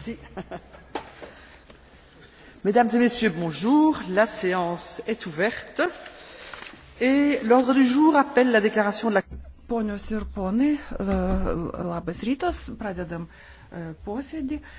Si. Mesdames et messieurs, bonjour. La séance est ouverte. Et l'ordre du jour appelle la déclaration de la. Ponios ir ponai, labas rytas, pradedam e, posėdį.